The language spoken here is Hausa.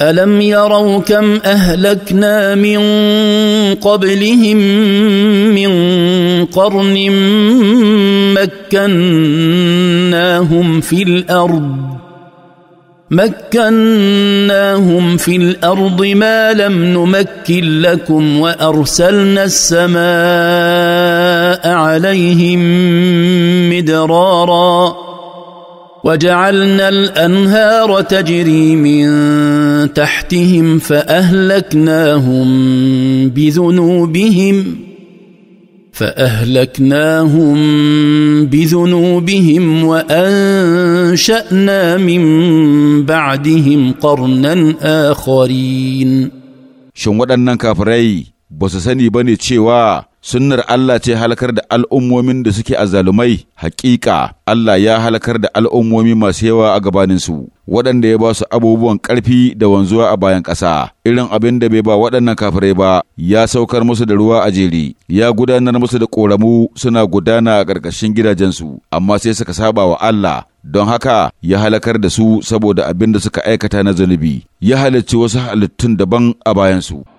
الم يروا كم اهلكنا من قبلهم من قرن مكناهم في الارض مكناهم في الارض ما لم نمكن لكم وارسلنا السماء عليهم مدرارا وجعلنا الانهار تجري من تحتهم فاهلكناهم بذنوبهم فاهلكناهم بذنوبهم وانشانا من بعدهم قرنا اخرين shin waɗannan kafirai ba su sani sunnar Allah ce halakar da al'ummomin da suke a zalumai? Haƙiƙa Allah ya halakar da al'ummomi masu yawa a gabaninsu waɗanda ya ba su abubuwan ƙarfi da wanzuwa a bayan ƙasa irin abin da bai ba waɗannan kafirai ba ya saukar musu da ruwa a jere, ya gudanar musu da ƙoramu suna gudana a ƙarƙashin gidajensu amma sai suka saba wa Allah don haka ya halakar da su saboda abin da suka aikata na zunubi ya halarci wasu halittun daban a bayansu.